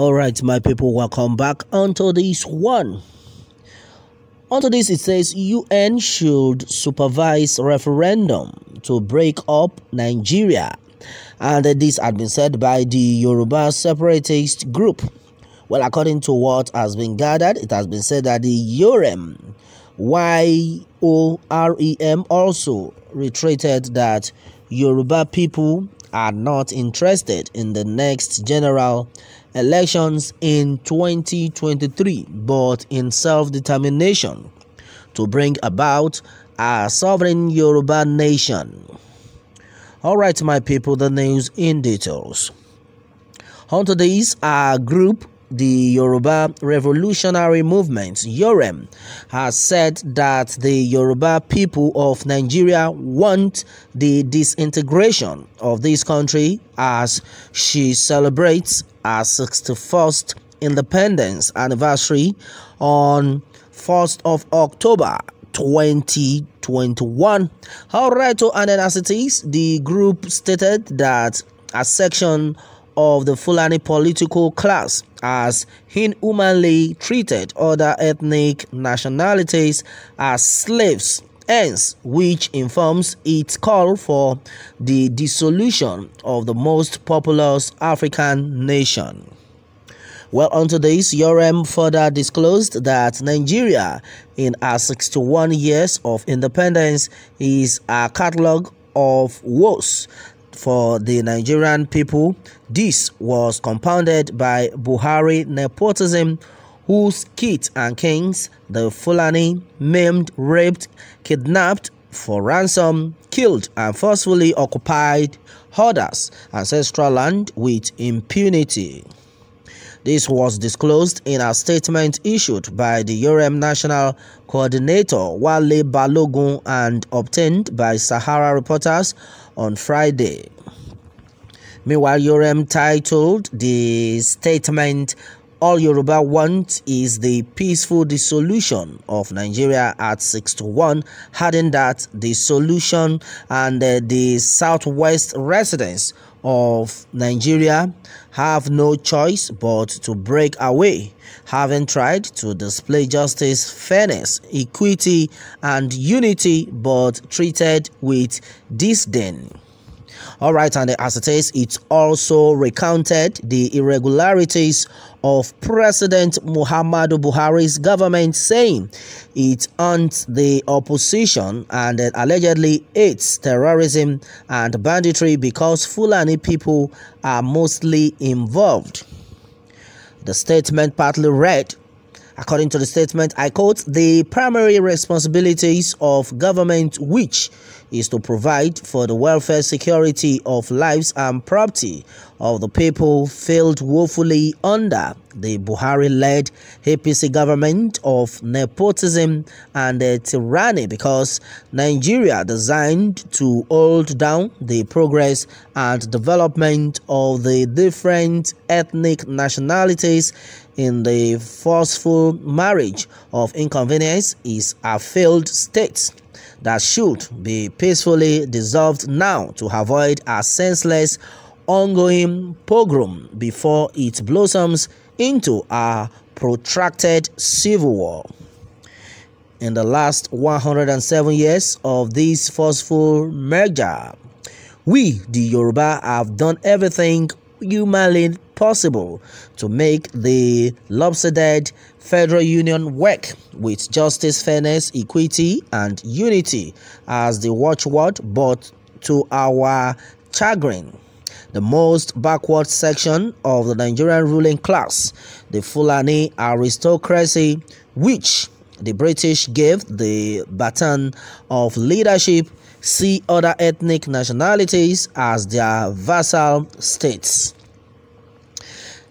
all right my people welcome back onto this one onto this it says un should supervise referendum to break up nigeria and this had been said by the yoruba separatist group well according to what has been gathered it has been said that the yorem y o r e m also retreated that yoruba people are not interested in the next general elections in 2023 but in self-determination to bring about a sovereign Yoruba nation. Alright my people, the news in details. On today's a group the Yoruba Revolutionary Movement, Yorem, has said that the Yoruba people of Nigeria want the disintegration of this country as she celebrates her 61st independence anniversary on 1st of October 2021. All right, to and the group stated that a section of the Fulani political class as inhumanly treated other ethnic nationalities as slaves, hence which informs its call for the dissolution of the most populous African nation. Well, on this, Yorem further disclosed that Nigeria, in her 61 years of independence, is a catalog of woes for the Nigerian people. This was compounded by Buhari nepotism, whose kit and kings, the Fulani, maimed, raped, kidnapped for ransom, killed, and forcefully occupied Horda's ancestral land with impunity. This was disclosed in a statement issued by the URM National Coordinator Wale Balogun and obtained by Sahara reporters on Friday. Meanwhile, URM titled the statement all Yoruba want is the peaceful dissolution of Nigeria at 6 to 1, adding that the solution and uh, the southwest residents of Nigeria have no choice but to break away, having tried to display justice, fairness, equity, and unity, but treated with disdain. All right, and as it is, it also recounted the irregularities of President Muhammadu Buhari's government, saying it hunts the opposition and allegedly aids terrorism and banditry because Fulani people are mostly involved. The statement partly read According to the statement, I quote, the primary responsibilities of government, which is to provide for the welfare security of lives and property of the people failed woefully under the Buhari-led APC government of nepotism and tyranny because Nigeria designed to hold down the progress and development of the different ethnic nationalities in the forceful marriage of inconvenience is a failed state that should be peacefully dissolved now to avoid a senseless ongoing pogrom before it blossoms into a protracted civil war. In the last 107 years of this forceful merger, we, the Yoruba, have done everything humanly possible to make the lopsided federal union work with justice, fairness, equity, and unity as the watchword, but to our chagrin the most backward section of the Nigerian ruling class, the Fulani aristocracy, which the British gave the baton of leadership, see other ethnic nationalities as their vassal states.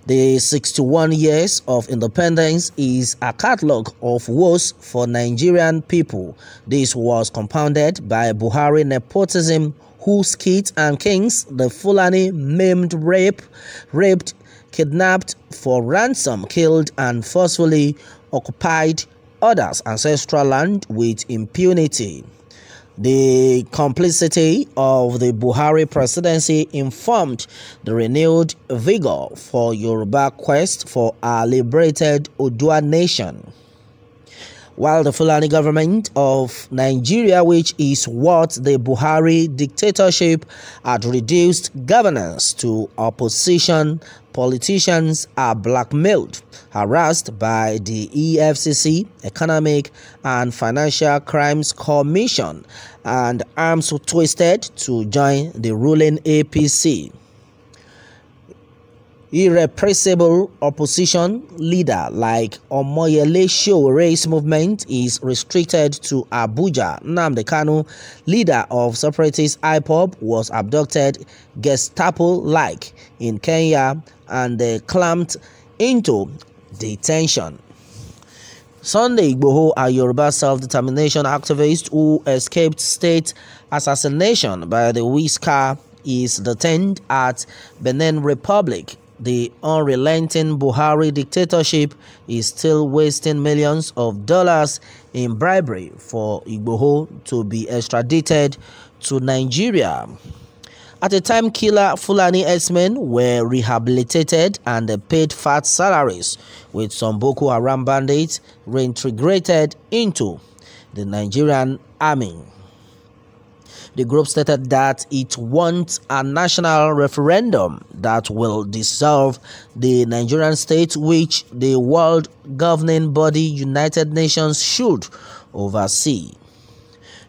The 61 years of independence is a catalog of woes for Nigerian people. This was compounded by Buhari nepotism who kids and kings the Fulani maimed rape, raped, kidnapped for ransom, killed and forcefully occupied others' ancestral land with impunity. The complicity of the Buhari presidency informed the renewed vigor for Yoruba quest for a liberated Odua nation. While the Fulani government of Nigeria, which is what the Buhari dictatorship had reduced governance to, opposition politicians are blackmailed, harassed by the EFCC, Economic and Financial Crimes Commission, and arms twisted to join the ruling APC irrepressible opposition leader like Omoyele race movement is restricted to Abuja. Namdekanu, Kanu, leader of separatist IPOB, was abducted Gestapo-like in Kenya and uh, clamped into detention. Sunday Igboho, a Yoruba self-determination activist who escaped state assassination by the Whisker, is detained at Benin Republic the unrelenting Buhari dictatorship is still wasting millions of dollars in bribery for Igboho to be extradited to Nigeria. At the time, killer Fulani X-men were rehabilitated and paid fat salaries, with some Boko Haram bandits reintegrated into the Nigerian army. The group stated that it wants a national referendum that will dissolve the Nigerian state, which the world governing body United Nations should oversee.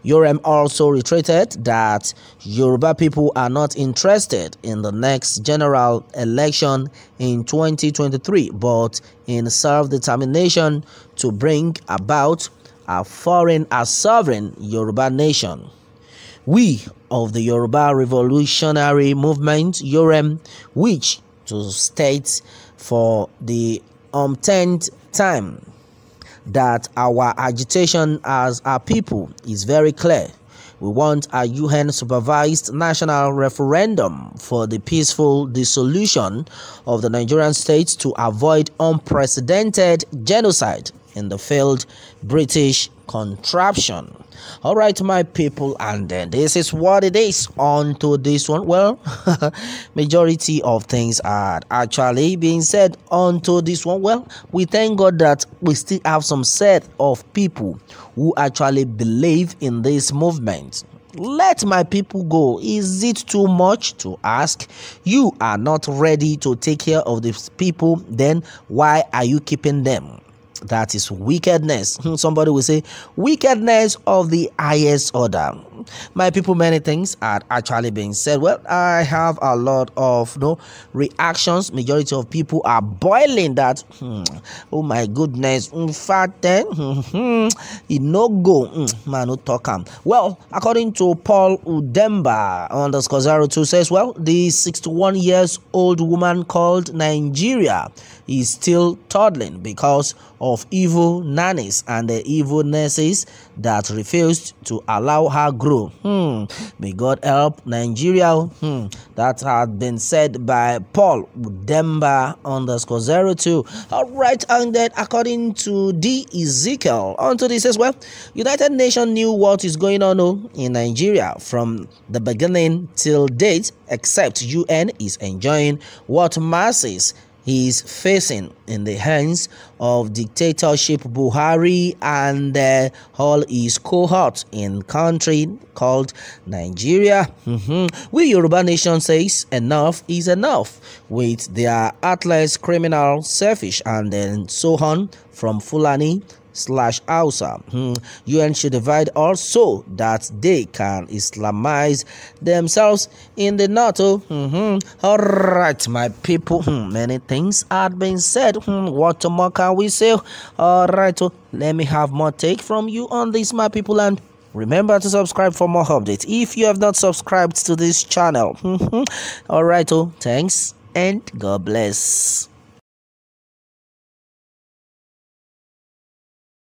Yorem also reiterated that Yoruba people are not interested in the next general election in 2023, but in self-determination to bring about a foreign, a sovereign Yoruba nation. We of the Yoruba Revolutionary Movement, Yorem, which to state for the umpteenth time that our agitation as a people is very clear. We want a UN supervised national referendum for the peaceful dissolution of the Nigerian state to avoid unprecedented genocide in the failed British contraption all right my people and then this is what it is on to this one well majority of things are actually being said on to this one well we thank god that we still have some set of people who actually believe in this movement let my people go. Is it too much to ask? You are not ready to take care of these people, then why are you keeping them? That is wickedness. Hmm, somebody will say, wickedness of the highest order my people many things are actually being said well i have a lot of you no know, reactions majority of people are boiling that hmm, oh my goodness in fact then it hmm, hmm, no go hmm, man no talk am well according to paul udemba underscore zero two says well the 61 years old woman called nigeria is still toddling because of evil nannies and the evil nurses that refused to allow her grow grow. Hmm. May God help Nigeria. Hmm. That had been said by Paul Demba underscore 02. All right, and then according to D. Ezekiel, onto this as well, United Nations knew what is going on oh, in Nigeria from the beginning till date, except UN is enjoying what masses is facing in the hands of dictatorship Buhari and uh, all his cohort in country called Nigeria. Mm -hmm. We Yoruba Nation says enough is enough with their atlas criminal selfish and then so on from Fulani slash Hausa. Hmm. UN should divide also that they can Islamize themselves in the NATO. Mm -hmm. All right, my people. Hmm. Many things had been said. Hmm. What more can we say? All right, so let me have more take from you on this, my people, and remember to subscribe for more updates if you have not subscribed to this channel. Hmm. all right, so thanks and God bless.